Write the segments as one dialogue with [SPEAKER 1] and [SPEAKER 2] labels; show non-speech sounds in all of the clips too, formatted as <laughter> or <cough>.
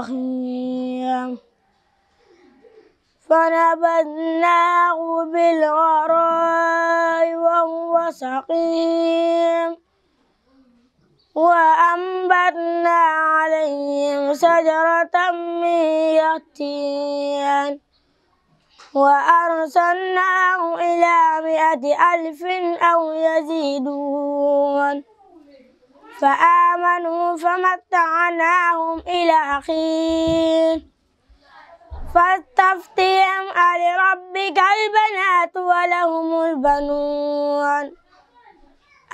[SPEAKER 1] بخيا فنبذناه بالغراء وهو سقيم وأنبتنا عليهم شجرة من يقطين وأرسلناه إلى مائة ألف أو يزيدون فآمنوا فمتعناهم إلى حين فاستفتهم ألربك البنات ولهم البنون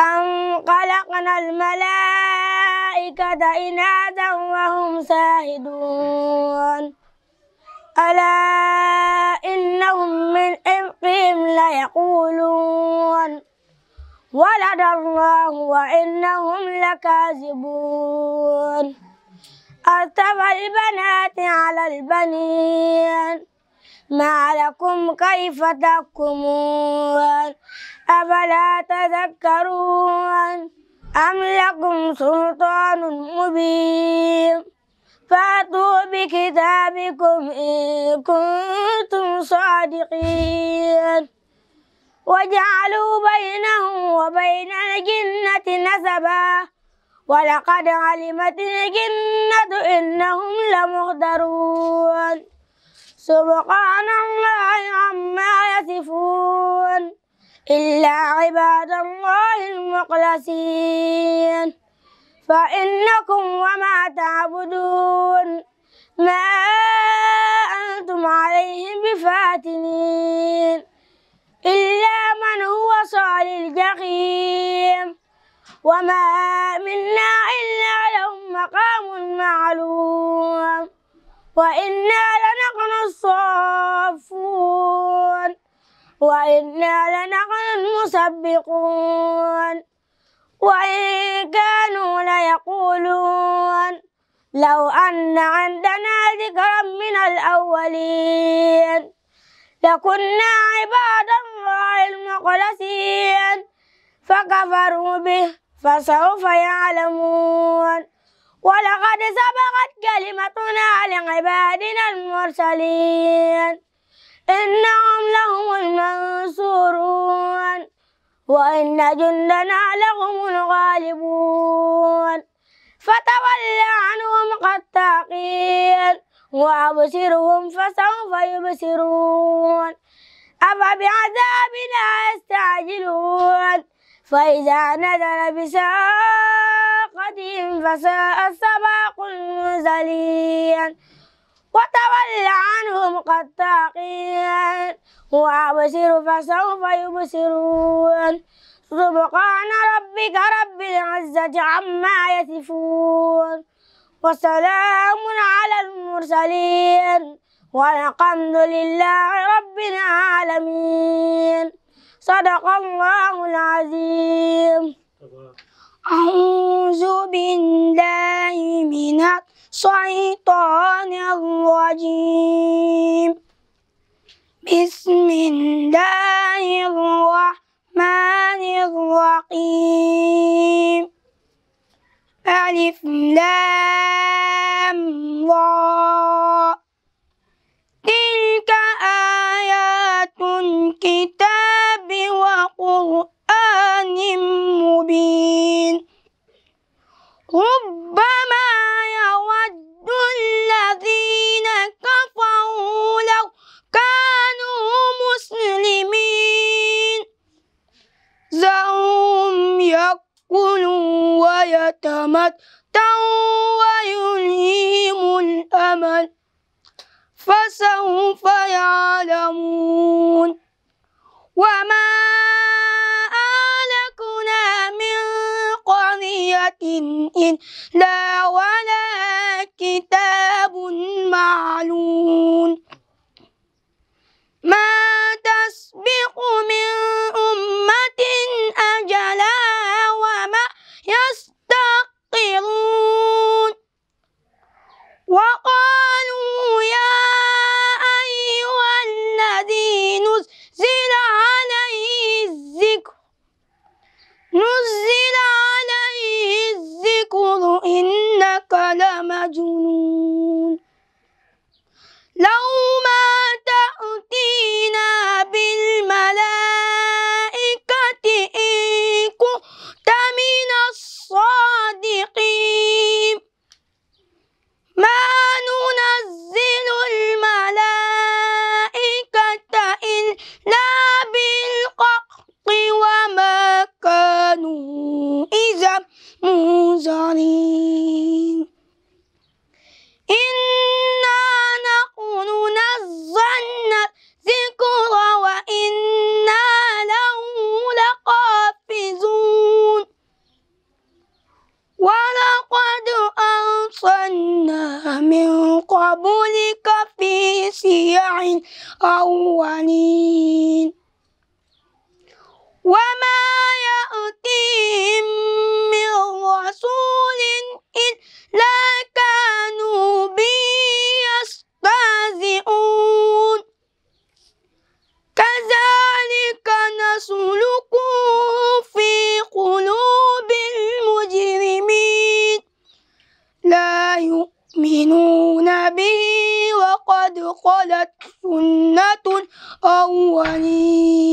[SPEAKER 1] أم خلقنا الملائكة إناثا وهم ساهدون ألا إنهم من إفكهم ليقولون ولد الله وإنهم لكاذبون أصطفى البنات على البنين ما لكم كيف تحكمون أفلا تذكرون أم لكم سلطان مبين فأتوا بكتابكم إن كنتم صادقين وجعلوا بينه وبين الجنة نسبا ولقد علمت الجنة إنهم لمهدرون سبحان الله عما يصفون إلا عباد الله المخلصين فإنكم وما تعبدون ما أنتم عليهم بفاتنين إلا من هو صال الجحيم وما منا إلا له مقام معلوم وإنا لنحن الصافون وإنا لنحن المسبقون وإن كانوا ليقولون لو أن عندنا ذكرا من الأولين لكنا عبادا غير المقلسين فكفروا به فسوف يعلمون ولقد سبقت كلمتنا لعبادنا المرسلين إنهم لهم المنصورون وإن جندنا لهم الغالبون فتول عنهم قد وأبصرهم فسوف يبصرون أفبعذابنا يستعجلون فإذا نزل بساقتهم فساء السباق المرسلين وتول عنهم قد تاقين وأبصر فسوف يبصرون سبحان ربك رب العزة عما يصفون وسلام على المرسلين والحمد لله رب العالمين صدق الله العظيم أعوذ بالله من الشيطان الرجيم بسم الله الرحمن الرحيم ألف لام را لآيات الكتاب وقرآن مبين ربما يود الذين كفروا لو كانوا مسلمين ذرهم يأكلوا ويتمتعوا ويلهيهم الأمل فسوف يعلمون وما أهلكنا من قرية إلا ولا كتاب معلوم ما تسبق من أمة أجلا وما يستقرون وقالوا يا لمجنون لو ọ̀hún wà ní. ولي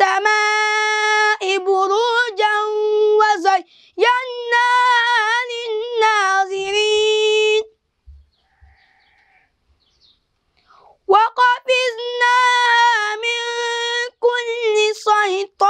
[SPEAKER 1] السماء بروجا وزيناها للناظرين وقفزنا من كل سيطان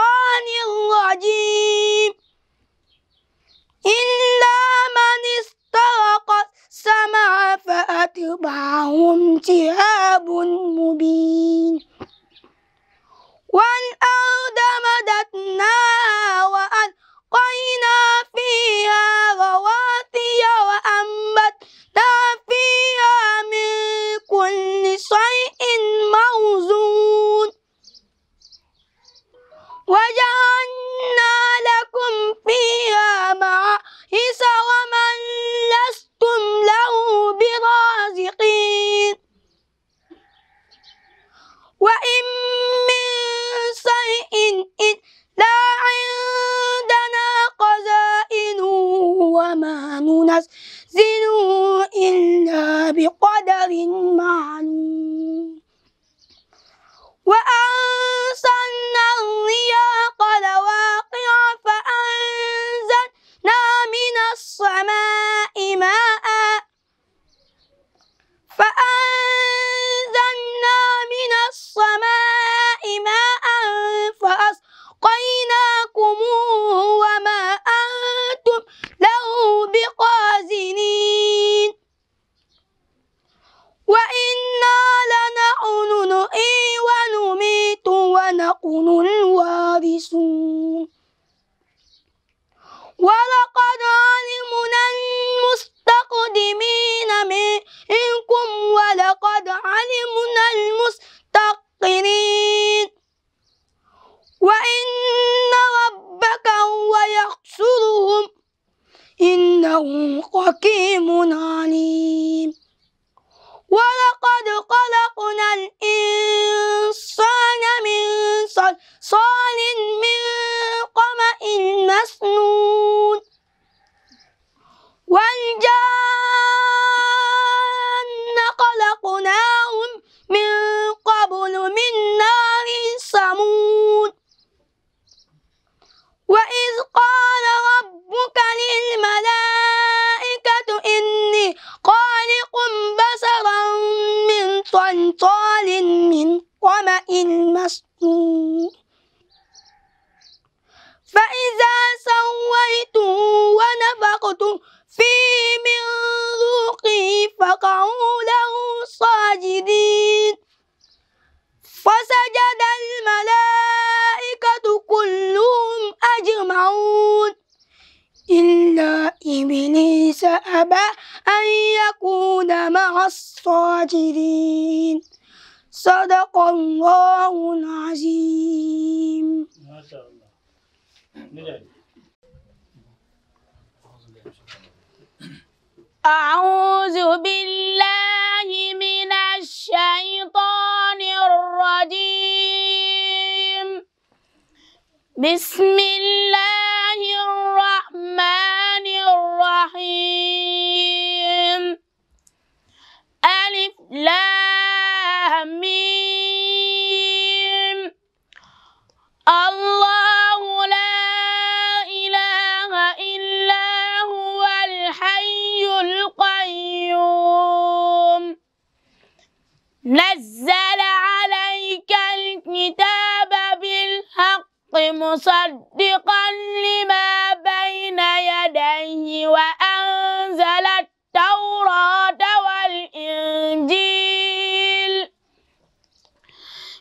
[SPEAKER 1] لقد علمنا المستقرين وإن ربك هو يحشرهم إنه حكيم عليم ولقد خلقنا الإنسان من صلصال من قمأ مسنون والجان قال ربك للملائكة إني خالق بشرا من صلصال من طمأ مسنون فإذا سويته ونفخت فيه من روحي فقعوا له ساجدين فسجد الملائكة كلهم أجمعون إلا إبليس أبى أن يكون مع الصاجدين صدق الله العظيم
[SPEAKER 2] ما شاء الله
[SPEAKER 3] أعوذ بالله من الشيطان بسم الله الرحمن مصدقا لما بين يديه وأنزل التوراة والإنجيل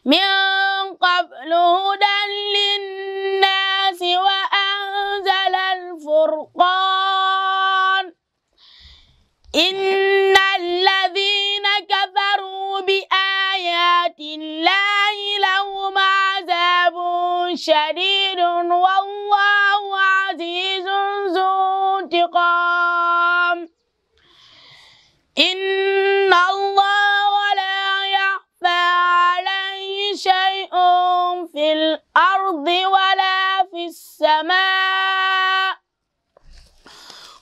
[SPEAKER 3] من قبل هدى للناس وأنزل الفرقان إن الذين كفروا بآيات الله لهم شديد والله عزيز ذو انتقام إن الله لا يخفى عليه شيء في الأرض ولا في السماء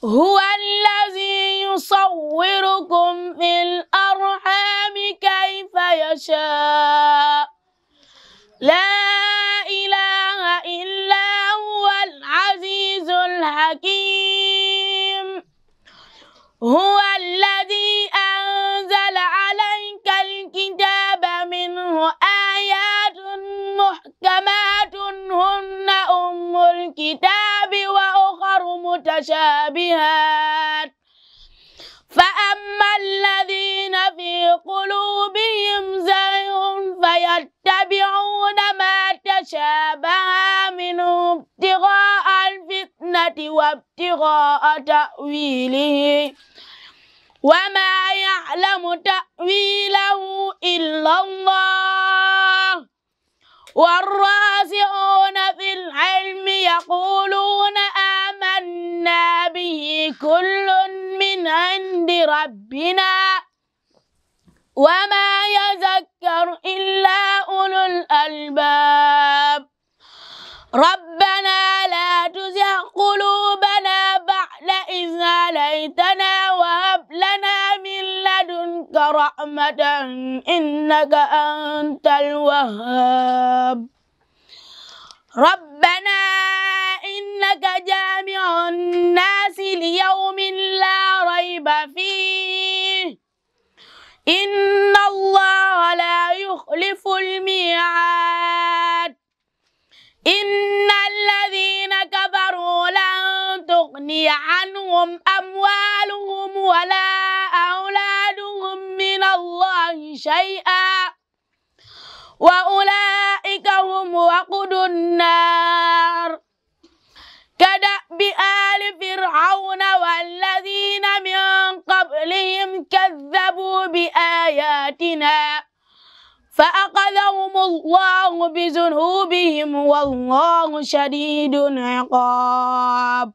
[SPEAKER 3] هو الذي يصوركم في الأرحام كيف يشاء لا حكيم هو الذي أنزل عليك الكتاب منه آيات محكمات هن أم الكتاب وأخر متشابهات فأما الذين في قلوبهم زيغ فيتبعون ما تشابه منه ابتغاء الفتنة وابتغاء تأويله وما يعلم تأويله إلا الله والراسخون في العلم يقولون آمنا به كل من عند ربنا وما يذكر إلا أولو الألباب ربنا لا تزغ قلوبنا بعد إذ هديتنا وهب لنا من لدنك رحمة إنك أنت الوهاب ربنا إنك جامع الناس ليوم لا ريب فيه إن الله لا يخلف الميعاد inna alladina kafaru lan tugni anhum amwaluhum wala awladuhum min allahi shay'a wa ulaika hum waqudun nar kadabi ali fir'auna walladina min qablihim kadhabu bi ayatina fa axadahum allahu bi zunubihim wallahu shadidul iqaab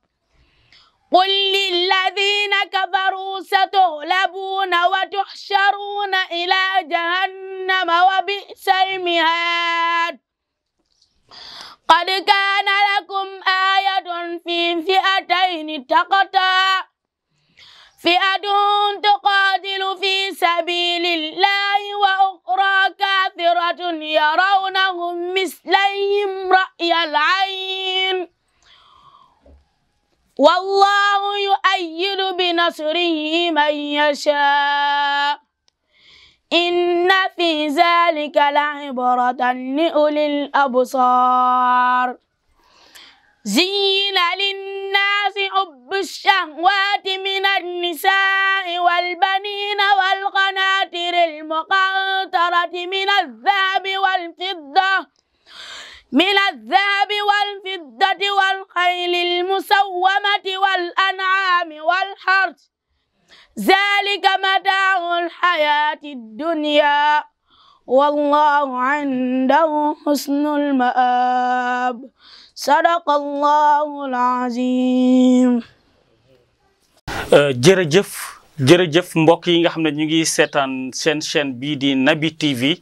[SPEAKER 3] qul lilladina kafaru satughlabuuna wa tuhsharuuna ila jahannama wa bi'sal mihaad qad kaana lakum aayatun fi fi'atayni taqataa فئة تقاتل في سبيل الله وأخرى كافرة يرونهم مثليهم رأي العين والله يؤيد بنصره من يشاء إن في ذلك لعبرة لأولي الأبصار زين للناس الناس حب الشهوات من النساء والبنين والقناطر المقنطرة من الذهب والفضة من الذهب والفضة والخيل المسومة والأنعام والحرث ذلك متاع الحياة الدنيا والله عنده حسن المآب sadaqallahul
[SPEAKER 4] euh, jërëjëf jërëjëf mbokk yi nga xam ne ñu ngi seetaan seen chaîne bii di Naby TV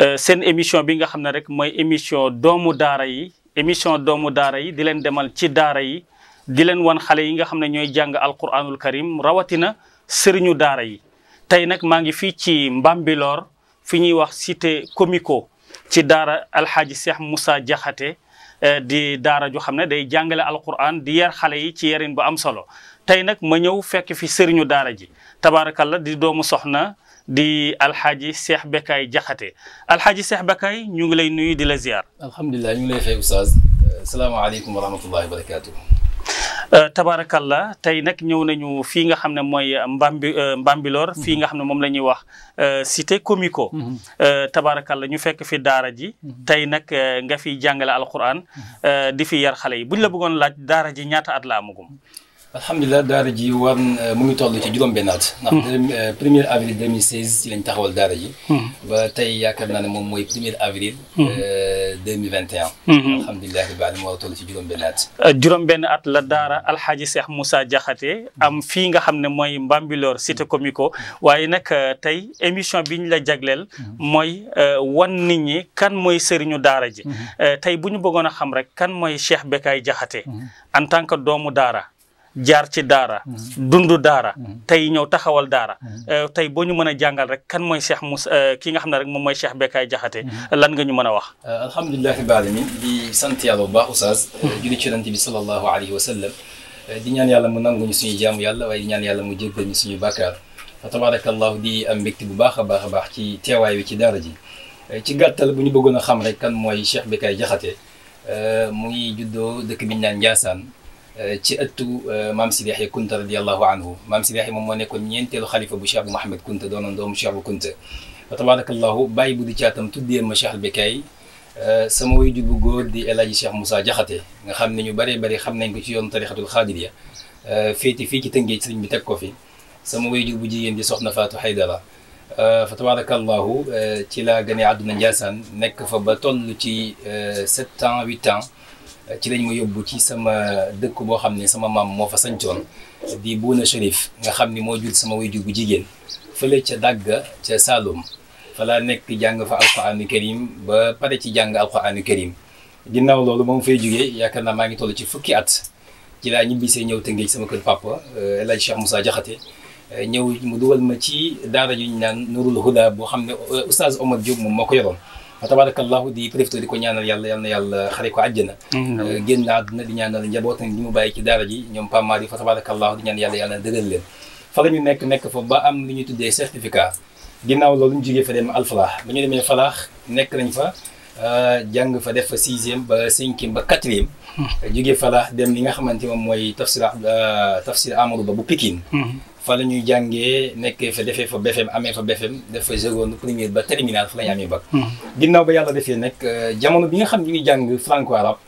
[SPEAKER 4] euh, seen émission bi nga xam ne rek mooy émission doomu daara yi émission doomu daara yi di leen demal ci daara yi di leen wan xale yi nga xam ne ñooy jàng alquranul karim rawatina sëriñu daara yi tey nag maa ngi fii ci Mbambilor fi ñuy wax cité Comico ci daara alxaaji Cheikh Moussa Diakhaté Eh, di daara ju xam ne day jàngale alquran di yar xale yi ci yarin bu am solo tey nag ma ñëw fekk fi sëriñu daara ji tabaarakalla di doomu soxna di alxaaji Cheikh Bekay Jaxate alxaaji seex Bekay ñu ngi lay nuyu di la ziar.
[SPEAKER 5] alhamdulilah ñu ngi lay fay oustaz salaamaaleykum wa rahmatullahi wa
[SPEAKER 4] Euh, tabaarakàllaa tey nag ñëw nañu fii nga xam ne mooy euh, Mbambi euh, Mbambilor mhm. fii nga xam ne moom la ñuy wax cité comico mhm. tabaarakàllaa ñu fekk fi daara ji mhm. tey nag nga fiy jàngale alquran di fi yar xale yi buñ la bëggoon laaj daara ji
[SPEAKER 5] ñaata at la amagum alhamdulilah daara ji war mu ngi toll ci juróom-benn at. ndax hmm. euh, premier avril 2016 ci lañ taxawal daara ji. Hmm. tey yaakaar naa ne moom mooy premier avril. 2021. alhamdulilah ibaadu mu war a toll ci juróom-benn at.
[SPEAKER 4] Euh, juróom-benn at la daara Alhaji Cheikh Moussa Diakhaté am hmm. fii nga xam ne mooy Mbambilor cité comico waaye nag euh, tey émission bi ñu la jagleel. mooy wan nit ñi kan mooy seriñu daara ji. tey bu ñu bëggoon a xam rek kan mooy Cheikh Bécaye Diakhaté en tant que doomu daara. jaar ci daara mhm. dundu daara mhm. tey ñëw taxawal daara mhm. euh, tey boo ñu mën a jàngal rek kan mooy Cheikh Moussa euh, ki nga xam ne rek moom mooy Cheikh Bekkaay Jaxate lan nga ñu mën a
[SPEAKER 5] wax euh, alhamdulillahi rabbil alamin di sant yàlla bu baax oustaz ci yonent bi sallallahu alayhi wa sallam di ñaan yàlla mu ñu suñu jaamu yàlla waaye di ñaan yàlla mu jéggal ñu suñu bàkkaar fa tabarakallahu di am mbégte bu baax a baax a baax ci teewaay wi ci daara ji ci gàttal bu ñu bëggoon a xam rek kan mooy Cheikh Bekkaay Jaxate mu ngi juddoo dëkk bi ñu naan Njaasaan ci ëttu euh, maam Sidi Yaxya Kunta radiallahu anhu maam Sidi Yaxya moom moo nekkoon ñeenteelu xalifa bu Cheikh bu Mouhamed Kunta doonoon doomu Cheikh bu Kunta wa tabarakallahu bàyyi bu di caatam tuddee ma Cheikh Albekaay euh, sama wayjur bu góor di El Hadji Cheikh Moussa Jaxate nga xam ne ñu bëree bëri xam nañ ko ci yoon tarixatul xaadiriya euh, féete fii ci Tëngéej sëriñ bi teg ko fi sama ji bu jigéen di soxna Faatu Haydara fa tabarakallahu ci laa gane àdduna Njaasaan nekk fa ba toll ci sept ans huit ci lañ ma yóbbu ci sama dëkk boo xam ne sama maam moo fa sancoon di Bouna Chérif nga xam ni moo jur sama wayjur bu jigéen fële ca Dagga ca Saloum fa laa nekk jàng fa alquraanu karim ba pare ci jàng alquraanu karim ginnaaw loolu moom fay jógee yaakaar naa maa ngi toll ci fukki at ci laa ñibbisee ñëw Tëngéej sama kër papa euh, El Hadj Cheikh Moussa Diakhaté euh, ñëw mu dugal ma ci daara ju ñu naan Nurul Huda boo xam ne euh, Oustaz Omar Diop moom moo ko yoroon fa tabarakallahu di profité di ko ñaanal yàlla yal na yàlla xare ko àjjana euh, génn na àdduna di ñaanal njabootam ñi mu bàyyi ci daara ji ñoom pammaar yi fa tabarakallahu di ñaan yàlla yàlla na dëgëral leen fa la ñu nekk nekk fa ba am li ñuy tuddee certificat ginnaaw loolu ñu jógee fa dem alfalaax ba ñu demee falaax nekk nañ fa euh, jàng fa def fa sixième ba cinquième ba quatrième hmm. jógee falaax dem li nga xamante moom mooy tafsir euh, tafsir Amadou Ba bu Pikine hmm. fa la ñuy jàngee nekk fa defee fa BFM amee fa BFM def fa seconde première ba terminale fa la ñu amee bac. Hmm. ginnaaw ba yàlla defee nag euh, jamono bi nga xam ñu ngi jàng franco arabe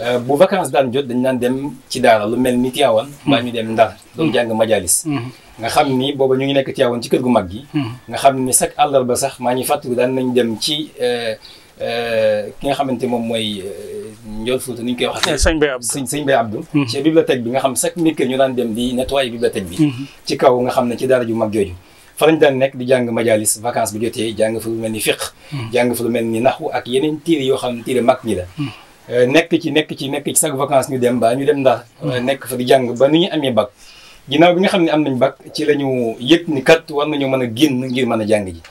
[SPEAKER 5] euh, bu vacance daan jot dañ daan dem ci daara lu mel ni Tivaouane. maa hmm. ñu dem Ndar doon jàng majalis. Hmm. nga xam ni booba ñu ngi nekk Tivaouane ci kër gu mag gi. nga xam ni chaque àllarba sax maa ngi fàttaliku daan nañ dem ci euh, ki nga xamante moom mooy. Ndiol Fouta ni ñu koy waxee. Eh, mm-hmm. bi nga xam chaque mercredi ñu daan dem di nettoyer bibliothèque bi. Mm-hmm. ci kaw nga xam ne ci daara ju mag jooju. fa daan nekk di jàng majalis vacances bu jotee jàng fa lu mel ni fiqh. Mm-hmm. jàng fa lu mel ni naxu ak yeneen téere yoo xam ne téere mag ñi la. Eh, nekk ci nekk ci nekk ci chaque vacance dem ba ñu dem ndax. Eh, nekk fa di jàng ba ni ñu amee bac. ginnaaw bi nga xam ne am nañ bac ci la ñu yëg ni kat war nañu mën a génn ngir mën a jàng ji.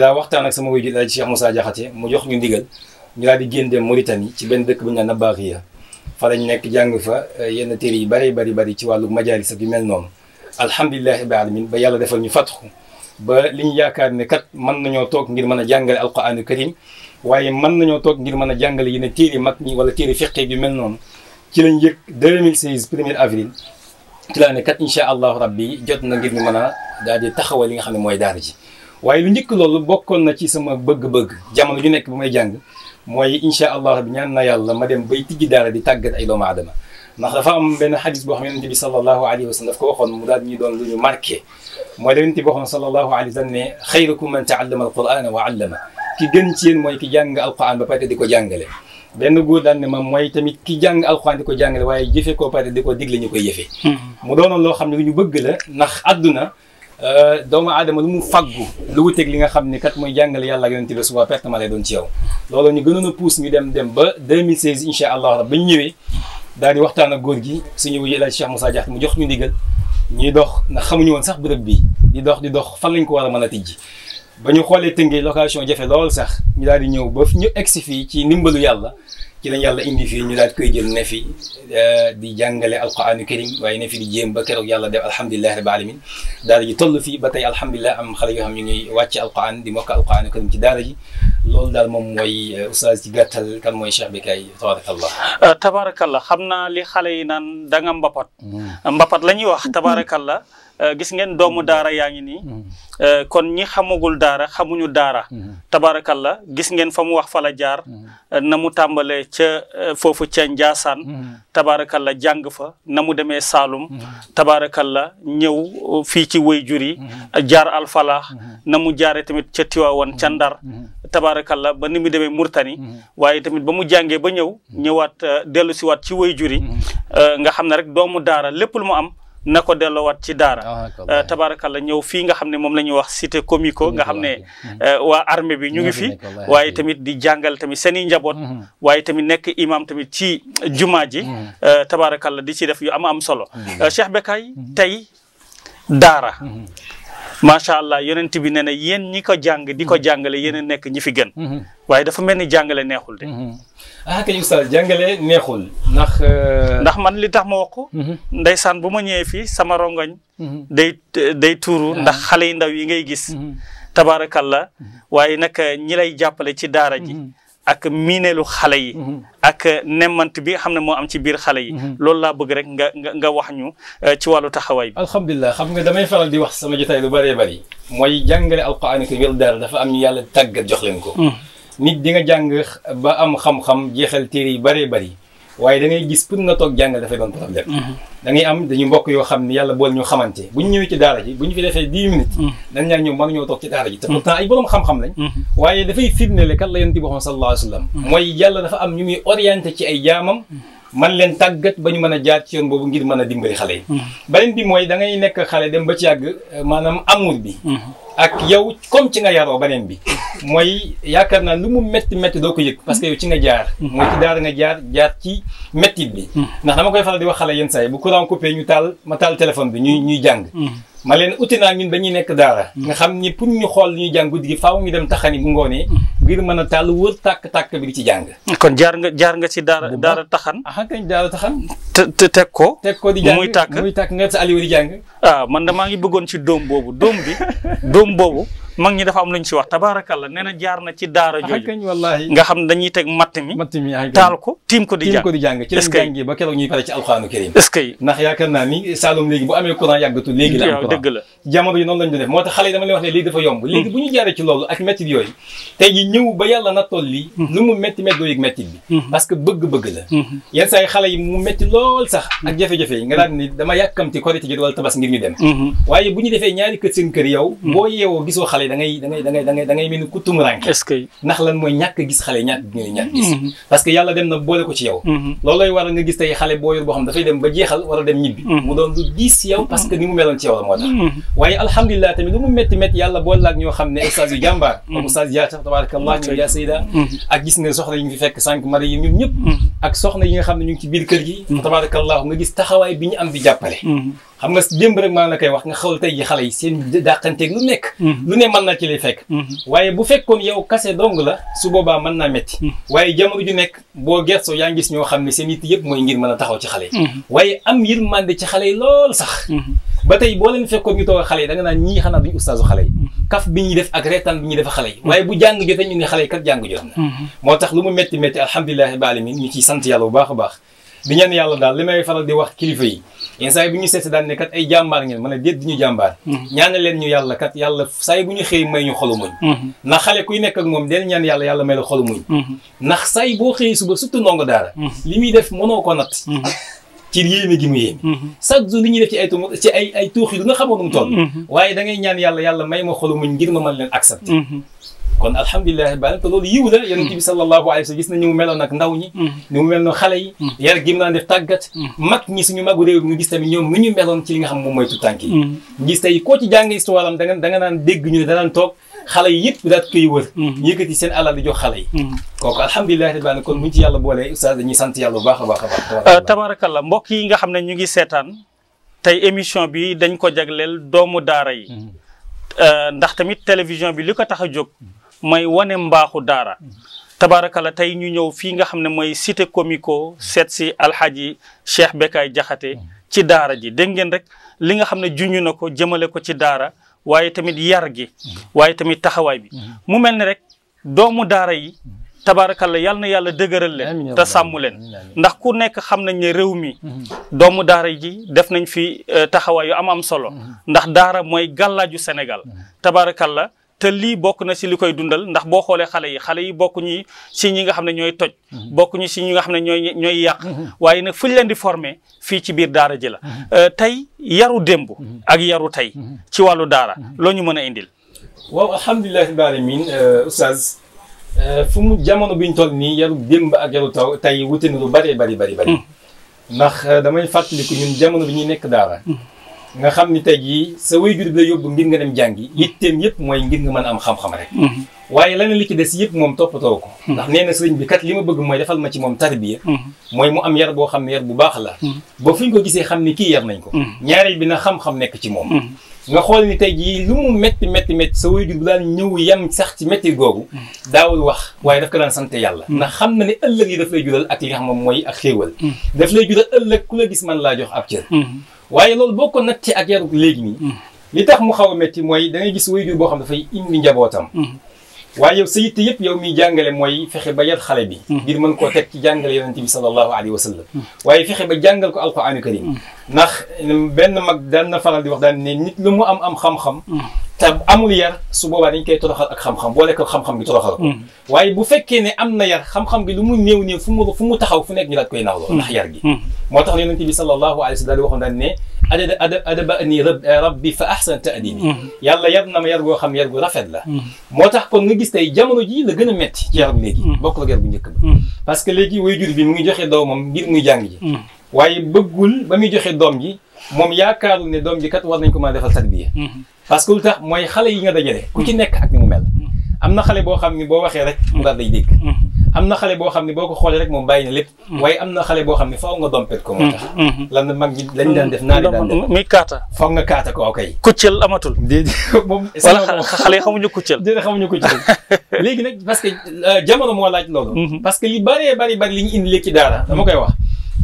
[SPEAKER 5] laa waxtaan ak sama waajur Cheikh Moussa Diakhaté mu jox ñu ndigal ñu daal di génn dem Mauritanie ci benn dëkk bu ñu naan Nabaaxiya fa lañ nekk jàng fa eh, yenn téere yi bari bari bari ci wàllu majaalis ak yu mel noonu alhamdulilah rabbil alamin ba yàlla defal ñu fatxu ba li ñu yaakaar ne kat mën nañoo toog ngir mën a jàngale alquraanu karim waaye mën nañoo toog ngir mën a jàngale yenn téere mag ñi wala téere fiqee yu mel noonu ci lañ yëg 2016 premier avril ci laa ne kat incha allahu rabbi jot na ngir ñu mën a daal di taxawal li nga xam ne mooy daara ji waaye lu njëkk loolu bokkoon na ci sama bëgg-bëgg jamono ju nekk bu may jàng mooy incha allah bi ñaan na yàlla ma dem bay tijji daara di tàggat ay doomu adama ndax dafa am benn xadis boo xam yonente bi sallallahu alayhi wa sallam daf ko waxoon mu daal ñuy doon lu ñu marqué mooy la yonente bi waxoon sallallahu alayhi wa sallam ne xayrukum man taallama alqurana wa allama ki gën ci yéen mooy ki jàng alquran ba pare di ko jàngale benn góor daal ne ma mooy tamit ki jàng alxuraan di ko jàngale waaye jëfe koo pare di ko digle ñu ko jëfe hmm. loo xam ne lu bëgg la ndax àdduna Euh, doomu aadama lu mu faggu lu ko teg li nga xam ne kat mooy jàngale yàlla ak yonent bi suba perte ma lay doon ci yow loolu ñu gënoon a pousse ñu dem dem ba 2016 incha allah rab ba ñu ñëwee daal di waxtaan a góor gi suñu wuyu El Hadj Cheikh Moussa mu jox ñu ndigal ñuy dox ndax xamuñu woon sax bërëb bi di dox di dox fan lañ ko war a mën a tijji ba ñu xoolee tëngee location jafe lool sax ñu daal di ñëw ba ñu si fii ci ndimbalu yàlla ci lañ yàlla indi fii ñu daal koy jël ne fi eh, di jàngale alquraanu karim waaye ne fi di jéem ba keroog yàlla def alhamdulilahi rabbi alamin daara ji toll fii ba tey alhamdulilah am xale yoo xam ñu ngi wàcc alquran di mokk alquraanu karim ci daara ji loolu daal moom mooy oustaz eh, ci gàttal kan mooy Cheikh Bécaye tabarakallah eh, tabarakallah xam naa li xale yi naan da nga
[SPEAKER 4] mbapat hmm. mbapat la ñuy wax tabarakallah Euh, gis ngeen doomu mm. daara yaa ngi nii mm. euh, kon ñi xamagul daara xamuñu daara mm. tabarakallah gis ngeen fa mu wax fala jaar euh, na mu tàmbalee ca foofu ca Njaasaan tabarakallah jàng fa na mu demee Saalum tabarakallah ñëw fii ci wayjur yi jaar alfalaax na mu jaaree tamit ca Tiwaawan ca Ndar tabarakallah ba ni mu demee Murtani waaye tamit ba mu jàngee ba ñëw ñëwaat dellu siwaat ci wayjur yi nga xam ne rek doomu daara lépp lu mu am na ko delloowaat ci daara tabaarakalla eh, ñëw fii nga xam ne moom la ñuy wax cité comico nga xam ne eh, mm-hmm. waa armée bi ñu ngi fi waaye tamit di jàngal tamit seen i njaboot mm-hmm. waaye tamit nekk imam tamit ci jumaa ji mm-hmm. eh, tabaarakalla di ci def yu am am solo Cheikh Becaye tay daara macha allah yonent bi nee na yéen ñi ko jàng di ko jàngale yéen nekk ñi fi gën waaye dafa mel ni jàngale neexul de ah kay oustaz jàngale neexul ndax. Euh, ndax man li tax ma wax ko. Mhm. ndeysaan bu ma ñëwee fii sama rongoñ. Mhm. day day tuuru ah. ndax xale yu ndaw yi ngay gis. Mhm. tabaarakalla waaye nag euh, ñi lay jàppale ci daara ji. ak miineelu xale yi. ak nemmant bi xam ne moo am ci biir xale yi. loolu laa bëgg rek nga
[SPEAKER 5] nga wax ñu euh, ci wàllu taxawaay bi. alhamdulilah xam nga damay faral di wax sama jotaay lu bëree bëri. mooy jàngale alquraan ak daara dafa am yàlla tàggat jox leen ko. nit di nga jàng ba am xam-xam jeexal téere yi bëree bëri waaye da ngay gis pour nga toog jàngal dafay doon problème mm-hmm. da ngay am dañu mbokk yoo xam ne yàlla boole ñu xamante bu ñu ñëwee ci daara ji bu ñu fi defee dix minutes mm-hmm. dañ ñaan ñoom mën ñoo toog ci daara ji te mm-hmm. pourtant ay boroom xam-xam lañ waaye dafay firndeel kat la yonent bi sallallahu alayhi wa sallam mooy yàlla dafa am ñu muy orienté ci ay jaamam man leen tàggat ba ñu mën a jaar ci yoon boobu ngir mën a dimbali xale yi. Mm-hmm. beneen bi mooy da ngay nekk xale dem ba ci yàgg euh, maanaam amour bi. Mm-hmm. ak yow comme ci nga yaroo beneen bi. Mm-hmm. mooy yaakaar naa lu mu métti métti doo ko yëg parce que ci nga jaar. mooy ci daara nga jaar jaar ci métti bi. xam dama koy faral di wax xale yenn saa yi bu courant coupé ñu taal ma taal téléphone bi ñuy ñuy jàng. ma leen uti naa ñun dañuy nekk daara. nga xam ni pour ñu xool li ñuy jàng guddi gi faaw ñu dem taxani bu ngoonee. ngir mën a tàll wër tàkk-tàkk bi ci jàng. kon jaar nga jaar nga ci daara daara taxan. ah kañ daara te te teg ko.
[SPEAKER 4] teg ko di jàng muy tàkk nga sa aliwa di jàng. ah man damaa ngi bëggoon si doom boobu doom bi <laughs> doom boobu. mag ñi dafa am lu ñu ci wax tabaarakalla nee na jaar na ci daara ah, jooju nga xam dañuy teg matt mi ah, taal ko
[SPEAKER 5] tiim ko di jàng ci lañ jàngee ba keroog ñuy pare ci alxuraanu karim est ndax yaakaar naa ni Saloum léegi bu amee courant yàggatul léegi la dëgg la jamono yi noonu lañu def moo tax xale yi dama lay wax ne léegi dafa yomb léegi hmm. bu ñu jaaree ci loolu ak métti yooyu tey ji ñëw ba yàlla na toll li hmm. mu métti métti doo yëg métti bi hmm. parce que bëgg-bëgg la yenn saa xale da ngay da ngay da ngay da ngay mel ni ku tumuranke lan mooy ñàkk gis xale ñàkk gi nga ñàkk gis mhm. parce que yàlla dem na boole ko ci yow mhm. loolu war a dem nga gis taxawaay bi ñu am di jàppale mhm. xam nga démb rek maa la koy wax nga xawal tey ji xale yi seen dàqanteeg lu nekk mm-hmm. lu ne mën na ci lay fekk mm-hmm. waaye bu fekkoon yow kase dong la su boobaa man naa metti mm-hmm. waaye jamono ju nekk boo gertoo yaa ngi gis ñoo xam ne seen it yëpp mooy ngir mën a taxaw ci xale yi waaye am yërmande ci xale yi lool sax ba tey boo leen fekkoon ñu toog xale yi da naa naan ñii xanaa duñu ustaasu xale yi kaf bi ñuy def ak reetaan bi ñuy def xale yi waaye bu jàng jotee ñu ne xale yi kat jàng moo tax lu mu métti métti alhamdulilahi bi alamin ñu ciy sant yàlla bu baax a baax yàlla daal li may faral di wax kilifa yi yenn saa bu ñu seet daan ne kat ay jàmbaar ngeen mën a déet di ñu jàmbaar mm-hmm. ñaanal leen ñu yàlla kat yàlla saa yi bu ñu xëy may ñu xolu mm-hmm. ndax xale kuy nekk ak moom del ñaan yàlla yàlla may la xolu muñ mm-hmm. ndax saa yi boo xëyee suba surtout ndongo daara li muy def mënoo ko natt ci yéeme gi mu yéeme chaque jour li ñuy def ci waaye da ngay ñaan yàlla yàlla may ma xolu muñ ngir ma mën leen accepté kon alhamdulilahi rabbil alamin te loolu yiw la yonent bi mm. sallallahu alayhi wa sallam gis na ni mu meloon ak ndaw ñi mm. ni mu meloon xale yi mm. yar gi mu daan tàggat mag ñi suñu magu réew ñu gis tamit ñoom nu ñu meloon ci li nga xam moom mooy tutànk yi gis tey koo ci jàng da nga naan dégg ñu ne danaan toog xale yi yëpp daat koy wër seen alal jox xale yi kooku alhamdulilahi rabbil alamin kon muñ ci yàlla boolee oustaz dañuy sant yàlla bu baax a baax a euh, mbokk yi nga xam ne ñu ngi
[SPEAKER 4] seetaan tey émission bi dañ ko jagleel doomu daara yi euh, ndax tamit télévision bi li ko tax a jóg mooy wane mbaaxu daara la tey ñu ñëw fii nga xam ne mooy cité comico seet si alxaaji Cheikh Bécaye Jaxate ci daara ji dégg ngeen rek li nga xam ne juñu na ko jëmale ko ci daara waaye tamit yar gi waaye tamit taxawaay bi mu mel ni rek doomu daara yi la yal na yàlla dëgëral leen te sàmm leen ndax ku nekk xam nañ ne réew mi doomu daara ji def nañ fi euh, taxawaay yu am am solo mm-hmm. ndax daara mooy gàllaaju Sénégal mm-hmm. tabaarakalla te lii bokk na si li koy dundal ndax boo xoolee xale yi xale yi bokk ñuy si ñi nga xam ne ñooy toj mhm. bokk ñi si ñi nga xam ne ñooy ñooy yàq mhm. waaye nag fu ñu leen di former fii ci biir daara ji la mhm. euh, tey yaru démb ak yaru tey ci wàllu daara loo ñu mën a indil
[SPEAKER 5] waaw alhamdulilah rabbil alamin euh, oustaz euh, fu mu jamono biñ toll nii yaru démb ak yaru taw tey wute na lu bari bari bari bari ndax damay fàttaliku ñun jamono bi ñuy nekk daara nga xam ni tey jii sa waajur bi la yóbbu ngir nga dem jàngi hmm. yitteem yëpp mooy ngir nga mën a am xam-xam rek hmm. waaye leneen li ci des yëpp moom toppatoo ko hmm. ndax nee na sëriñ bi kat li ma bëgg mooy defal ma ci moom tarbiya mooy mu am yar boo xam ne yar bu baax la boo fu ñu ko gisee xam ni kii yar nañ ko ñaareel bi na xam-xam nekk ci moom nga xool ni tey jii lu mu métti métti métti sa waajur bu daan ñëw yem sax ci métti googu daawul wax waaye daf ko sant yàlla ndax xam na ne ëllëg yi daf lay jural ak li moom mooy ak xéewal daf lay jural ëllëg ku la gis man laa jox ab waaye loolu boo ko nattee ak yarug léegi nii. Mm. li tax mu xaw a métti mooy da ngay gis waajur boo xam dafay indi njabootam. Mm. waaye yow sa yitte yëpp yow miy jàngale mooy fexe ba yar xale bi. Mm. ngir mën koo teg ci jàngale yonente bi sallallahu alayhi wa sallam. waaye fexe ba jàngal ko alquranu karim. ndax benn mag daan na faral di wax daan ne nit lu am am xam-xam. te amul yar su boobaa dañ ak xam-xam boole ko xam-xam bi toroxal ko mm. waaye bu fekkee ne am na yar xam-xam bi lu mu néew néew fu mu mu taxaw fu nekk ñu daal koy naawloo mm. ndax yar gi mm. moo tax yonent bi ne adada ada rabbi fa ahsan ta'dibi yàlla yar na ma yar xam yar gu rafet la moo tax kon nga gis tey jamono ji gën a metti ci yar bu léegi bokk la yar bu njëkk ba parce que léegi waajur bi mu ngi joxe gi ngir muy jàng ji waaye bëggul ba muy joxe doom ji moom yaakaarul ne doom ji kat war nañ ko mën a defal tarbiya mhm. parce que lu tax mooy xale yi nga dajale ku ci mhm. nekk ak ni mu mel mhm. am na xale boo xam ne boo waxee rek mu daal am na xale boo xam ne boo ko xoolee rek moom bàyyi na lépp am na xale boo xam ne faaw nga dompet ko moo tax lan la mag ñi lañ daan def naari daan def muy kaata faaw nga kaata ko ok kuccel amatul déedéet <laughs> moom wala xale yi xamuñu kuccel <laughs> déedéet xamuñu kuccel <laughs> léegi nag parce que euh, jamono moo laaj loolu parce que li bëree bari bëri li ñu indi léegi ci daara dama koy wax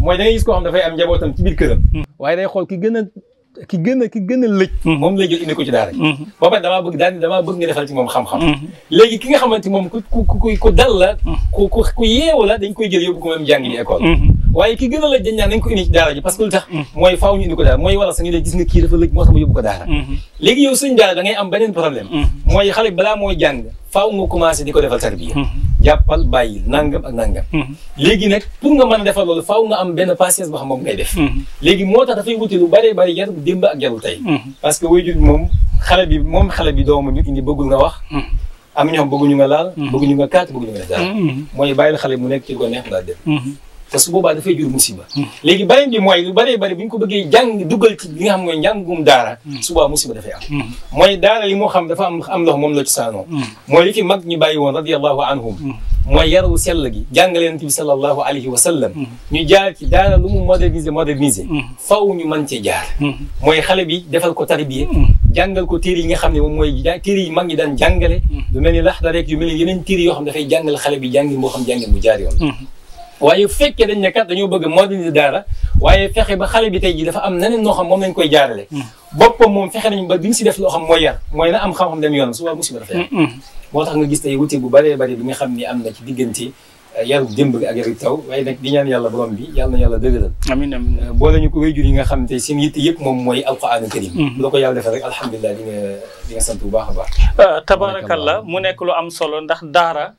[SPEAKER 5] mooy da ngay gis koo xam dafay am njabootam ci biir këram. Hmm. waaye day xool ki gën ki gën a gën a lëj. Hmm. moom lay jël indi ko ci daara ji. Hmm. ba damaa bëgg daal damaa bëgg nga defal ci moom xam-xam. léegi ki nga xamante moom ku ku ku dal la. ku ku ku yeewu la dañ koy jël yóbbu ko moom jàngi école. waaye ki gën a la janñaa nañ ko indi ci daara ji parce que lu tax mooy faaw ñu indi ko daara mooy waral sa ngi ne gis nga kii dafa lëj moo tax ma yóbbu ko daara léegi nag pour nga mën a defal loolu nga am benn patience boo xam moom ngay def mhm. léegi moo tax dafay wuti lu bëree bëri yar démb ak yaru tey mhm. parce que waajur moom xale bi moom xale bi doomam ñu indi bëggul nga wax mhm. am ñoom bëgguñu nga laal bëgguñu nga kaat bëgguñu nga def daal mooy bàyyil xale mu nekk ci ko neex mu daal dem te su boobaa dafay jur musiba. léegi beneen bi mooy lu bëree bëri bu ñu ko bëggee jàng dugal ci li nga xam mooy njàngum daara. su boobaa musiba dafay am. Mm. mooy daara li moo xam dafa am am lox la ci saanoo. Mm. mooy li fi mag ñu bàyyi woon radiyallahu anhum mm. mooy yaru sell gi jàngale yonent bi sallallahu alayhi wa sallam. ñu jaar ci daara lu mu moderniser moderniser. faw ñu mën cee jaar. mooy xale bi defal ko tarbiya. jàngal ko téere yi nga xam ne moom mooy téere yi mag ñi daan jàngale. lu mel ni laxda rek yu mel ni yeneen téere yoo xam dafay jàngal xale bi jàngin boo xam jàngin bu jaar yoon. waaye fekkee dañ ne kat dañoo bëgg moderniser daara waaye fexe ba xale bi tey ji dafa am neneen noo xam moom lañ koy jaarale mm. boppam moom fexe nañ ba bi si def loo xam mooy yar mooy na am xam-xam dem yoonam suba musiba dafa yar mm, mm. gis tey bu bëree bëri bi nga xam ni am na ci diggante eh, yaru démb ak yaru taw waaye nag di ñaan yàlla borom bi yàlla na yàlla dëgëral amiin amiin eh, boo lañu ko wéyjur yi nga xam te seen yitte yëpp moom mooy alquraanu karim bu la ko yàlla defal rek alhamdulilah di sant bu baax a baax
[SPEAKER 4] eh, tabaarakallah mu nekk lu am solo ndax daara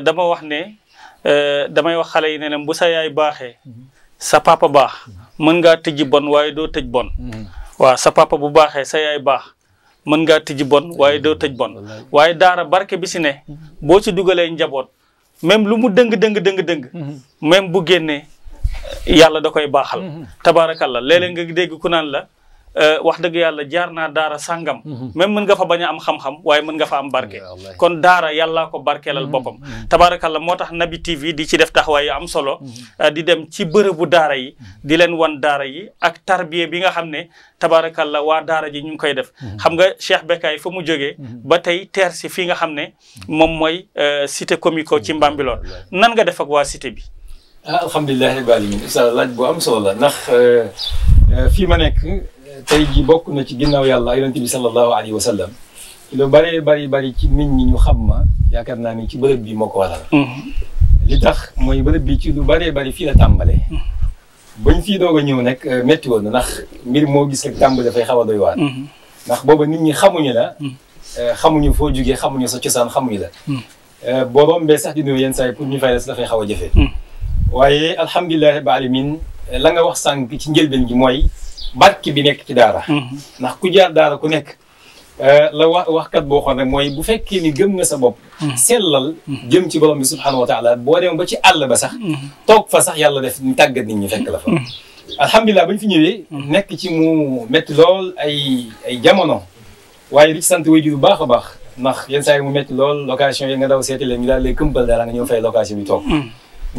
[SPEAKER 4] dama wax ne Eh, damay wax xale yi ne bu sa yaay baaxee sa papa baax mën ngaa tijji bon waaye doo tëj bon mm-hmm. waaw sa papa bu baaxee sa baax mën ngaa tijji bon waaye doo tëj bon waaye daara barke bi si ne boo ci dugalee njaboot même lu mu dëng dëng dëng dëng mm-hmm. même bu génnee yàlla da koy baaxal mm-hmm. tabaarakallah la léeg nga dégg ku naan la Euh, wax dëgg yàlla jaar naa daara sàngam mhm. même mën nga fa bañ a am xam-xam waaye mën nga fa am barke kon daara yàllaa ko barkeelal mhm. boppam mhm. tabaarakalla moo tax Nabi TV di ci def taxawaay yu am solo euh, di dem ci bërëbu daara yi di leen wan daara yi ak tarbiye bi nga xam ne tabaarakalla waa daara ji ñu ngi koy def xam nga Cheikh yi fa mu jógee ba tey teer si fii nga xam ne moom mooy euh, cité comico ci Mbambilor
[SPEAKER 5] nan nga def ak waa cité bi ah alhamdulilahi rabbil tey ji bokk na ci ginnaaw yàlla yonent bi sallallahu alayhi wa sallam lu bëree bari bari ci nit ñi ñu xam ma yaakaar naa ni ci bërëb bi moo ko waral mm-hmm. li tax mooy bërëb bi ci lu bëree bari fii la tàmbalee mm-hmm. bañ fii doog a ñëw nag euh, métti woon mbir moo gis rek tàmbali dafay xaw a doy waar mm-hmm. ndax booba nit ñi xamuñu la euh, xamuñu foo jugee xamuñu sa cosaan xamuñu la euh, boo rombee sax di nuyu yenn saa yi pour ñu fay la si dafay xaw a jafe waaye alhamdulilah rabbil la nga wax sànq ci njëlbeen gi mooy barke bi nekk ci daara. Mhm. ndax ku jaar daara ku nekk. Euh, la wax waxkat boo xoon rek mooy bu fekkee ni gëm nga sa bopp. Mhm. sellal mhm. jëm ci borom bi subxanahu wa taala boo dem ba ci àll ba sax. toog fa sax yàlla def ñu tàggat nit ñi fekk la fa. alhamdulilah bañ fi ñëwee. nekk ci mu métti lool ay ay jamono. waaye li ci sant way ji bu baax a baax ndax yenn saa yi mu métti lool location yi nga daw seeti leen ñu daal lay këmbal dara nga ñëw fay location bi toog.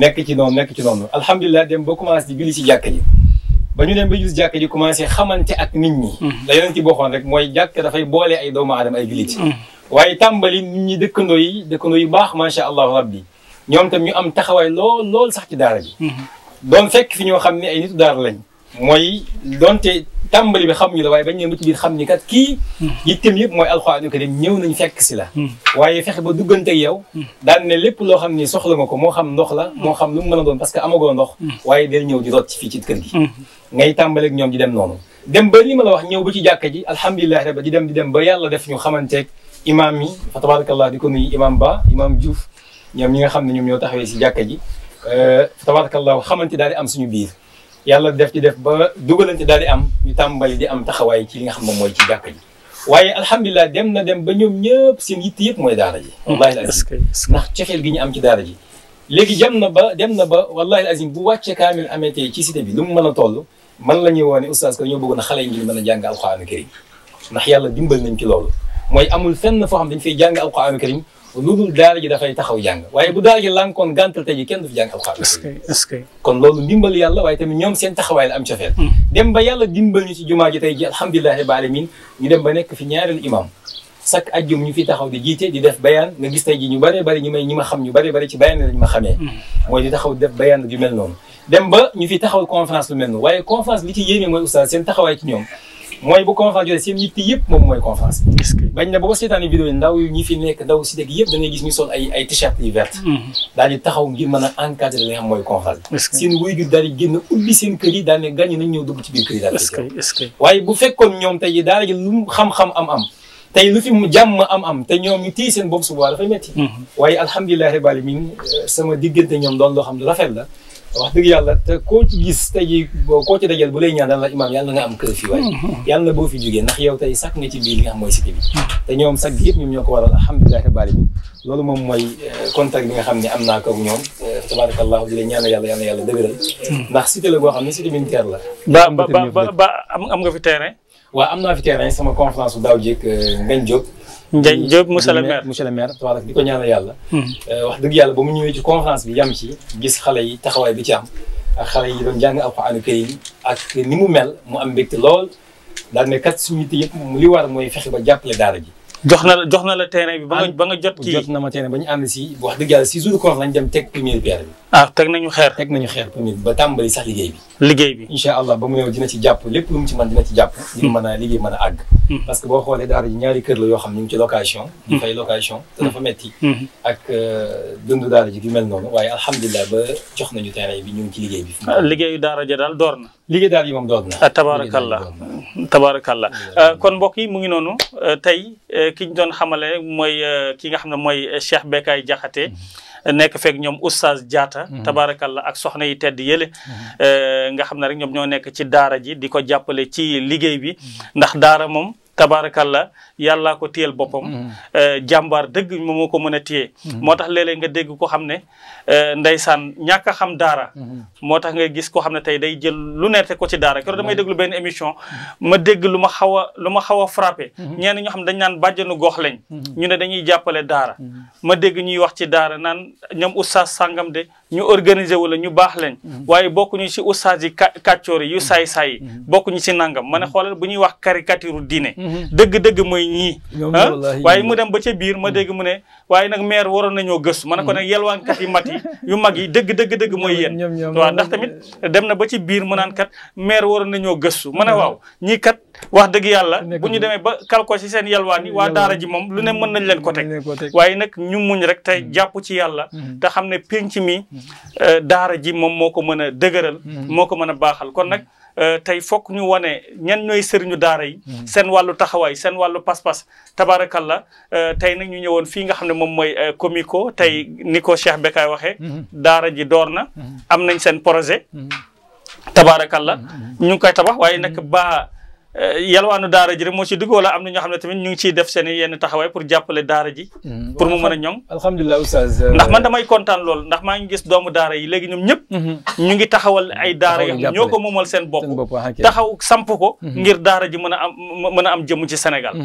[SPEAKER 5] nekk ci noonu nekk ci noonu alhamdulilah dem ba commencé ci jàkka ji. ba ñu ne ba gis jàkk ji commencé xamante ak nit ñi. Mm-hmm. la yeneen ci bokkoon rek mooy jàkk dafay boole ay doomu aadama ay jullit. Mm-hmm. waaye tàmbali nit ñi dëkkandoo yi dëkkandoo yu baax ma macha allahu rabbi ñoom tam ñu am taxawaay lool lool sax ci daara ji. Mm-hmm. doon fekk fi ñoo xam ne ay nitu daara lañ mooy donte. tàmbali bi xamuñu la waaye bañ ne ba ci biir xam ni kat kii hmm. yittem yëpp mooy alxuraanu karim ñëw nañ fekk si la hmm. waaye fexe ba duggante yow hmm. daan ne lépp loo xam ni soxla ma ko moo xam ndox la moo xam lu mu mën a doon parce que amagoo ndox waaye del ñëw di root ci fii ci kër gi ngay tàmbali ak ñoom di dem noonu dem ba li ma la wax ñëw ba ci jàkka ji alhamdulilahi rabbi di dem di dem ba yàlla def ñu xamanteeg imaam yi fa tabarakallah di ko nuyu imaam ba imaam Diouf ñoom ñi nga xam ne ñoom ñoo taxawee si jàkka ji euh, fa tabarakallah xamante daal di am suñu biir yàlla def ci def ba dugalante daal di am ñu tàmbali di am taxawaay ci li nga xam ne mooy ci jàkk ji waaye alhamdulilah dem na dem ba ñoom ñëpp seen yitt yëpp mooy daara ji hmm. wallahi alazim ndax cexeel gi ñu am ci daara ji léegi jam na ba dem na ba wallahi alazim bu wàccee kaamil amee tey ci cité bi lu mu mën a toll man la ñuy woone oustaz ko ñoo bëggoon a xale yi ngir mën a jàng alxuraan karim ndax yàlla dimbal nañ ci loolu mooy amul fenn foo xam dañu fiy jàng alquraan karim lu dul daara ji dafay taxaw jàng waaye bu daal ji lànkoon gàntal tey ji kenn du fi jàng alquraan karim kon loolu ndimbal yàlla waaye tamit ñoom seen taxawaay la am cofeel hmm. dem ba yàlla dimbal ñu ci jumaa ji tey ji alhamdulilahi rabbil alamin ñu dem ba nekk fi ñaareelu imam sak ajjum ñu fi taxaw di jiite di def bayaan nga gis tey ji ñu bare bëri ñu may ñi ma xam ñu bëree bëri ci bayaan lañu ma xamee hmm. mooy di taxaw di def bayaan ju dem ba ñu fi taxaw conférence lu mel noonu waaye conférence li ci yéeme mooy seen taxawaay ci ñoom mooy bu conférence a seen yitte yëpp moom mooy conférence bañ na boo seetaani vidéo yi ndaw ñi fi nekk ndaw si dëgg yëpp da gis ñu sol ay t-shirt yu vert mm-hmm. daal di taxaw ngir mën a encadrer li nga xam mooy conférence bi seen wéyjur daal di génn ubbi seen kër yi daal ne gàññi nañ ñëw dugg ci biir xam-xam am am tey lu fi mu jàmm am am te ñoom ñu téye seen bopp su boobaa dafay métti mm-hmm. waaye alhamdulilahi rabbil sama diggante ñoom doon loo xam ne rafet la wax dëgg yàlla te koo ci gis tey jii koo ci dajal bu lay ñaan daal la imaam yàlla na nga am kër fii waaye hmm, hmm. yàlla na boo fi jógee ndax yow tey sàkk nga ci biir li nga xam mooy cité bi te ñoom sag bi yëpp ñoom ñoo ko waral alhamdulilah rabbil alamin loolu moom mooy eh, contact bi nga xam ne am naa ko ñoom eh, tabarakallahu di la ñaan yàlla yàlla yàlla dëgëral hmm. ndax cité la boo xam ne cité militaire la ba ba ba am nga fi terrain waa am naa fi terrain sama conférence bu daaw jéeg eh, Ngagne Diop
[SPEAKER 2] Ndiaye Diop monsieur le maire
[SPEAKER 5] monsieur le maire tabarak di ko ñaanal yàlla hmm. euh, wax dëgg yàlla ba mu ñëwee ci conférence bi yam ci gis xale yi taxawaay bi ci am ak xale yi doon jàng alquraan karim ak ni mu mel mu am mbégte lool daal ne kat suñu yitte yëpp li war mooy fexe ba jàppale daara ji jox na la jox na la terrain bi ba nga jot. kii jot na ma terrain ba ñu ànd si wax dëgg yàlla si jour koor lañ dem teg première bi. ah teg nañu xeer. teg nañu xeer première bi ba tàmbali sax liggéey bi. liggéey bi incha allah ba mu ñëw dina ci jàpp lépp lu mu ci mën dina ci jàpp. dina mën a liggéey mën a àgg. Hmm. parce que boo xoolee daara ji ñaari kër la yoo xam ne ñu ngi ci location. ñu hmm. fay location te dafa hmm. metti ak euh, dund daara ji gi mel noonu waaye alhamdulilah ba jox nañu terrain bi ñu ngi ci liggéey bi.
[SPEAKER 4] Ah, liggéeyu daara ja daal door na liggéey daal yi moom doon na. Ah, tabaarakallah tabaarakallah euh, kon mbokk yi mu ngi noonu euh, tey euh, ki ñu doon xamale mooy ki nga xam ne mooy Cheikh Bécaye Diakhaté mm-hmm. nekk feek ñoom jaata Diatta mm-hmm. tabaarakallah ak soxna yi tedd yële mm-hmm. nga xam ne rek ñoom ñoo nekk ci daara ji di ko jàppale ci liggéey bi ndax daara moom tabaarakallah yàllaa ko téyel boppam mm-hmm. eh, jàmbaar dëgg moom moo ko mën a téye mm-hmm. moo tax léeg-léeg nga dégg ko xam ne eh, ndeysaan ñàkk a xam daara mm-hmm. moo tax nga gis ko xam ne tey day jël lu nerte ko ci daara keroog damay déglu benn émission ma dégg lu ma xaw a lu ma xaw a frappé ñenn ñoo xam dañ naan bàjjanu gox lañ ñu ne dañuy jàppale daara ma dégg ñuy wax ci daara naan ñoom oustaz sàngam de ñu organiser wala ñu baax lañ waaye bokkuñu ci oustaz yi kàccoor yu saay saay bokkuñu ci nangam ma ne xoolal bu ñuy wax caricature diine dëgg-dëgg mooy ñii ah? waaye mu dem ba ca biir ma dégg mu ne waaye nag maire waroon nañoo gëstu ma ne ko hmm. nag yelwaankat yi mat yi yu mag yi dëgg dëgg dëgg mooy yéen waaw ndax tamit dem na ba ci biir mu naan kat maire waroon nañoo gëstu ma ne hmm. waaw ñii kat wax dëgg yàlla bu ñu demee ba kal ko ci seen yelwaan yi waa daara ji moom lu ne mën nañ leen ko teg waaye nag ñu muñ rek tey hmm. jàpp ci yàlla te xam ne pénc mi eh, daara ji moom moo ko mën a dëgëral moo ko mën a baaxal kon nag Euh, tey fokk ñu wane ñan ñooy sëriñu daara yi. Mm-hmm. seen wàllu taxawaay seen wàllu pas-pas tabaarakalla euh, tey nag ñu ñëwoon fii nga xam ne moom mooy euh, Comico tey mm-hmm. ni ko Cheikh Bekay waxee. Mm-hmm. daara ji door na. am nañ seen projet. tabaarakalla ñu ngi koy tabax waaye nag ba. Eh, yalwaanu daara ji rek moo ci dugg wala am na ñoo xam ne tamit ñu ngi ciy def seen yenn taxawaay pour jàppale daara ji.
[SPEAKER 5] Hmm. pour mu mën a euh, ndax
[SPEAKER 4] man damay kontaan lool ndax maa ngi gis doomu daara yi léegi ñoom ñëpp. Hmm. ñu ngi taxawal ay daara yoo xam ñoo ko moomal seen bopp. taxaw
[SPEAKER 5] samp ko. Hmm. ngir daara ji mën a am mën a am jëmm ci Sénégal.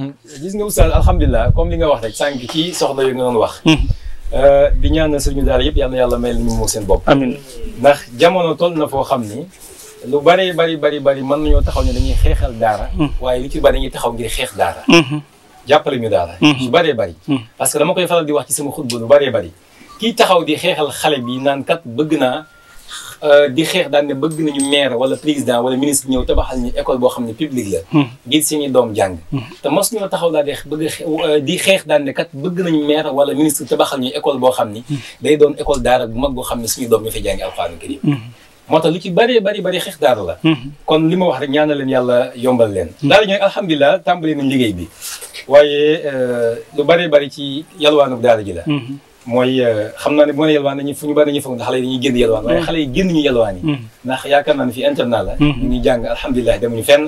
[SPEAKER 5] gis nga oustaz alhamdulilah comme li nga wax rek sànq ci soxla yu nga doon wax. Euh, di ñaanal suñu daara yëpp yal yàlla may leen seen bopp. amiin ndax na foo xam ni lu bari bari bari bari mën nañoo taxaw ne dañuy xeexal daara. Mm-hmm. waaye li ci bari dañuy taxaw ngir xeex daara. Mm-hmm. jàppale ñu daara. su mm-hmm. baree bari. parce que dama koy faral di wax ci sama xutba lu baree bari. kii taxaw di xeexal xale bi naan kat bëgg naa euh, di xeex daan ne bëgg nañu maire wala président wala ministre ñëw tabaxal ñu école boo xam ne publique la. ngir seeni doom jàng. te mos ñoo taxaw daal di bëgg euh, di xeex daan ne kat bëgg nañu maire wala ministre tabaxal ñu école boo xam ni. day doon école daara bu mag boo xam ne suñu doom ñu fa jàngi alxuraan karim moo tax lu ci bëree bëri bëri xeex daara la mhm. kon li ma wax rek ñaanal leen yàlla yombal leen daara ñooy alhamdulilah tàmbali nañ liggéey bi waaye euh, lu bëree bëri ci yalwaanub daara ji la mhm. mooy euh, xam naa ne bu ma ne yalwaan dañu fu ñu bari dañuy foog ne xale yi dañuy génn yalwaan mhm. waaye xale yi génn ñu yalwaan yi ndax yaakaar naa ne fi internat la ñu ngi jàng alhamdulilah demuñu fenn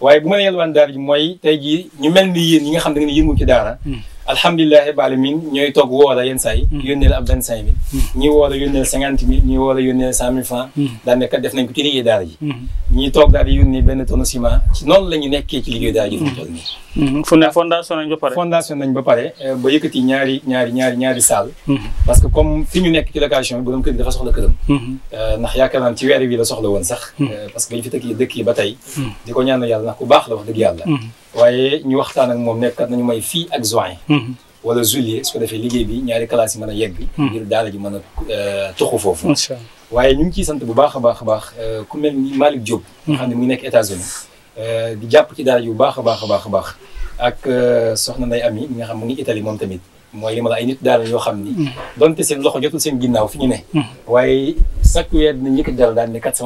[SPEAKER 5] waaye bu ma ne yalwaan daara ji mooy tey jii ñu mel ni yéen ñi nga xam da ngeen yëngu ci daara alhamdulilahi baali min ñooy toog woo a yenn saa yi mm. yónneel ab a cinq mille mm. ñii woo la yónneel cinquante mille ñii woo la yónneel cent mille francs mm. daanaka def nañ ko ci liggéey daara ji ñii toog daal di yónnee benn tonne ciment noonu la nekkee ci liggéey daara ji fondation nañ ba pare fondation nañ ba pare euh, ba yëkkati ñaari ñaari ñaari ñaari parce que comme fi ñu nekk ci location bi borom kër gi dafa soxla këram
[SPEAKER 2] euh,
[SPEAKER 5] ndax yaakaar naan ci weer wi la soxla waaye ñu waxtaan ak moom nekkat nañu may fii ak juin mhm. wala juillet su ko defee liggéey bi ñaari classes yi mën a yegg mhm. ngir daara ji mën a euh, tuxu foofu waaye ñu ngi ciy sant bu baax a baax a baax euh, ku mel ni Malick Diop mhm. xam ne mu ngi nekk États-Unis euh, di jàpp ci daara ji baax a baax baax a baax ak soxna Ndeye Ami mi nga xam ngi Italie moom tamit mooy li ma la ay nit daara yoo xam ni donte seen loxo jotul seen ginnaaw fi ñu ne waaye chaque weer dinañ yëkkati dara daal ne kat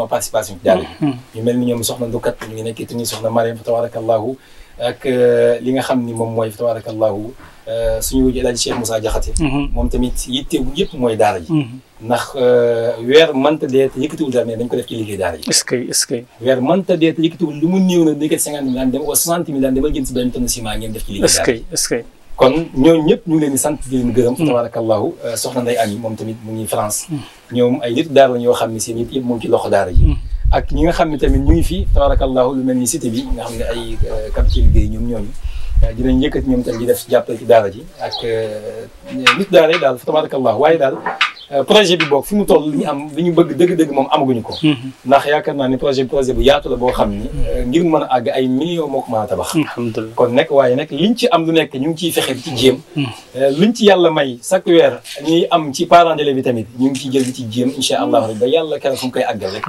[SPEAKER 5] Mariam fa tabarakallahu ak euh, li nga xam ni moom mooy tabarakallahu euh, suñu wujj El Hadj Cheikh Moussa Diakhaté mm-hmm. moom tamit yitte bu yëpp mooy daara ji mm-hmm. ndax euh, weer mënta dee te yëkkatiwul dara mais dañ daara yi est weer mënta dee te yëkkatiwul lu mu néew na dañu koy cinquante mille dem si benn ngeen def ci liggéey daara yi est-ce ñu ngi leen di sant di mm-hmm. Ami moom tamit mu ngi France ñoom ay nit daara la ñoo xam ne seen yëpp moom ci loxo daara ji ak ñi nga xam ne tamit ñu ngi fi tabarakallahu lu mel ni cité bi nga xam ne ay euh, capital bi ñoom ñooñu euh, dinañ yëkkati ñoom tamit di def jàppale ci daara ji ak euh, nit daara yi daal fa tabarakallahu waaye daal Euh, projet bi boog fi mu toll li ñu am li ñu bëgg dëgg-dëgg moom amaguñu ko. Mhm. ndax yaakaar naa ni projet projet bu yaatu la boo xam ni. Mhm. Euh, ngir mën a àgg ay millions moo ko mën a tabax. Mhm, kon nekk waaye nag liñ ci am nekk ñu ngi ciy fexe di ci euh, ci yàlla may chaque weer am ci parent d'élève bi tamit ñu ngi ciy jël ci jéem incha allah ba yàlla kenn fu mu koy àggal rek.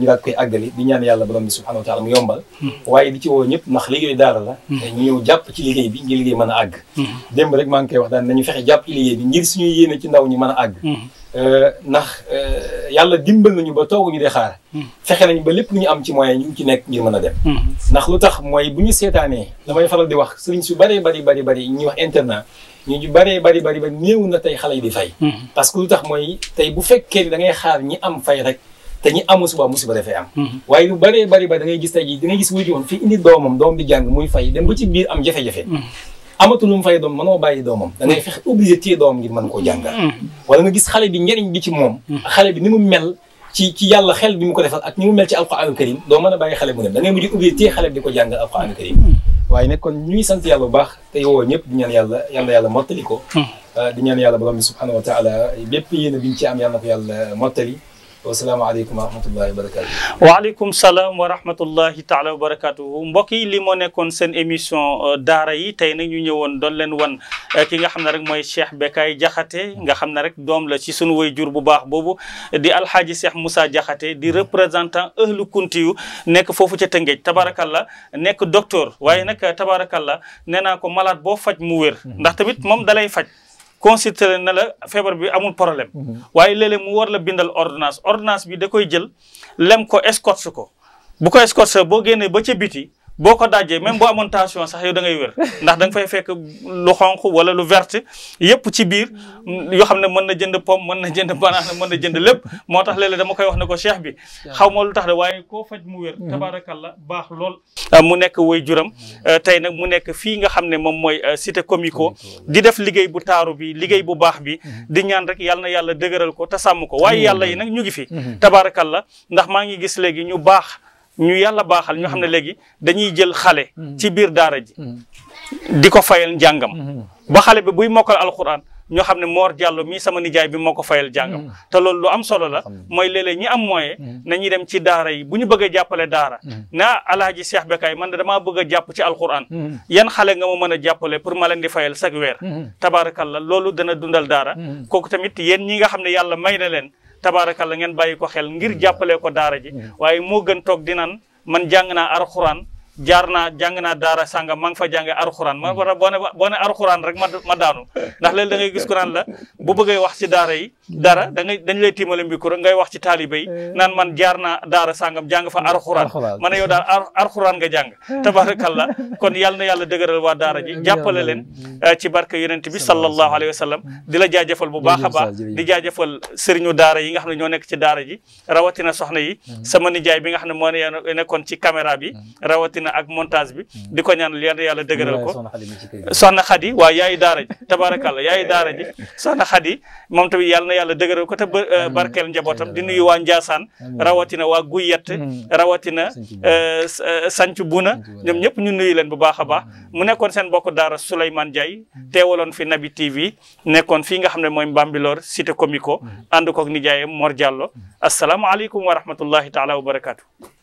[SPEAKER 5] ñu daal koy àggali di ñaan yàlla borom bi subhanahu wa taala mu yombal. waaye di ci woo ñëpp ndax liggéey daara la. ñu ñëw jàpp ci liggéey bi ngir liggéey mën a àgg. démb rek maa ngi koy wax daan nañu fexe jàpp ci liggéey bi ngir suñu yéene ci ndaw ñi mën a àgg Eh, ndax eh, yàlla dimbal nañu ba ñu de xaar. Hmm. fexe nañ ba lépp lu ñu am ci moyen ñu ngi ci nekk ngir mën a dem. Hmm. ndax lu tax mooy bu ñu seetaanee damay faral di wax sëriñ su bëree bari bari bari ñuy wax internat ñu bëree bari bari bari néew na tey xale yi di fay. Hmm. parce que lu tax mooy tey bu fekkee ni da ngay xaar ñi am fay rek. te ñi amul suba musiba dafay am waaye lu bëree bëri ba da ngay gis tey jii da ngay gis wuy woon fii indi doomam doom di jàng muy fay dem ba ci biir am jafe-jafe amatul mu fay doom mënoo bàyyi doomam da ngay fexe obligé téye doomam ngir mën koo jàngal mm. wala nga gis xale bi njëriñ bi ci moom mm. xale bi ni mu mel ci ci yàlla xel bi mu ko defal ak ni mu mel ci alquraan karim doo mën a bàyyi xale mu dem da ngay mujj xale bi di ko jàngal alquraan karim mm. waaye nag kon ñuy sant yàlla bu baax te yow ñëpp di ñaan yàlla yàlla yàlla mottali ko ah, di ñaan yàlla borom bi subhanahu wa taala bépp yéen a ci am yàlla na ko yàlla mottali wasalaamaaleykum wa rahmatullahi waaleykum salaam wa rahmatullahi
[SPEAKER 4] taala wa barakaatu mbokk yi li moo nekkoon seen émission euh, daara yi tey nag ñu ñëwoon doon leen wan euh, ki nga xam ne rek mooy Cheikh Bekay Jaxate nga xam ne rek doom la ci sunu way jur bu baax boobu di alxaaji Cheikh Moussa Jaxate di hmm. représentant ëhlu kunti nekk foofu ca Tëngéej tabaarakàlla nekk docteur waaye nag tabaarakàlla nee naa ko malaat boo faj mu wér hmm. ndax tamit moom dalay faj. considéré na la feebar bi amul problème mhm. waaye léeg-léeg mu war la bindal ordinance ordinance bi da koy jël lem ko escorte ko bu ko escorte boo génnee ba ca biti boo ko dajjee même boo amoon tension sax yow dangay ngay wér <laughs> ndax danga nga fekk lu xonq wala lu vert yépp ci biir mm. yoo xam ne mën na jënd pomme mën na jënd banane mën na jënd lépp moo tax léeg-léeg dama koy wax ne ko cheikh bi xaw ma lu tax de waaye koo faj mu wér mm-hmm. la baax lool ah, mu nekk woy juram mm-hmm. ah, tey nag mu nekk fii nga xam ne moom mooy ah, cité comico di def liggéey bu taaru bi liggéey bu baax bi mm-hmm. di ñaan rek yàlla na yàlla dëgëral ko te sàmm ko waaye yàlla yi nag ñu ngi fi maa ngi gis léegi ñu baax ñu yàlla baaxal ñu xam ne mm. léegi dañuy jël xale mm. ci biir daara ji mm. di ko fayal njàngam ba xale bi buy mokkal alxuraan ñoo xam ne moor Diallo mii sama nijaay bi moo ko fayal jàngam te loolu lu am solo la mooy léeg-léeg ñi am moyen nañuy dem ci daara yi bu ñu bëgg a jàppale daara na alaaji Cheikh Bekaay man de damaa bëgg a jàpp ci alquran yan xale nga ma mën a jàppale pour ma leen di fayal chaque weer tabaarakalla loolu dana dundal daara kooku tamit yéen ñi nga xam ne yàlla may na leen tabaarakalla ngeen bàyyi ko xel ngir jàppale ko daara ji mm. waaye moo gën toog di naan man jàng naa alxuraan jaar naa jàng naa daara sàngam maa ngi fa jànge arxuraan man war a boo ne boo ne rek ma ma daanu ndax léegi da ngay gis ko naan la bu bëggee wax ci daara yi dara da ngay dañ lay tiimale mbi ko ngay wax ci taalibe yi eh. naan man jaar naa daara sàngam jàng fa arxuraan ma ne yow daal arxuraan nga jàng <laughs> tabarakallah kon yàlla na yàlla dëgëral waa daara ji jàppale leen eh, ci barke yonent bi sallallahu alayhi wa sallam di la jaajëfal bu baax a baax di jaajëfal sëriñu daara yi nga xam ne ñoo nekk ci daara ji rawatina soxna yi hmm. sama nijaay bi nga xam ne moo nekkoon ci caméra bi hmm. rawatina ak montage bi mm. di ko ñaan yal na yàlla dëgëral ko soxna Xadi waaw yaayu daara ji tabaarakàlla yaayu daara ji soxna Xadi moom tamit yal na yàlla dëgëral ko te euh, barkeel njabootam di nuyu waa Njaasaan rawatina waa Guyett rawatina Sanc Buna euh, euh, ñoom ñëpp ñu nuyu leen bu baax a baax mu nekkoon seen bokk daara Souleymane Ndiaye teewaloon fi Nabi TV nekkoon fii nga xam ne mooy Mbambilor cité comico ànd koog nijaayam Mor Diallo asalaamaaleykum wa rahmatullahi taala wa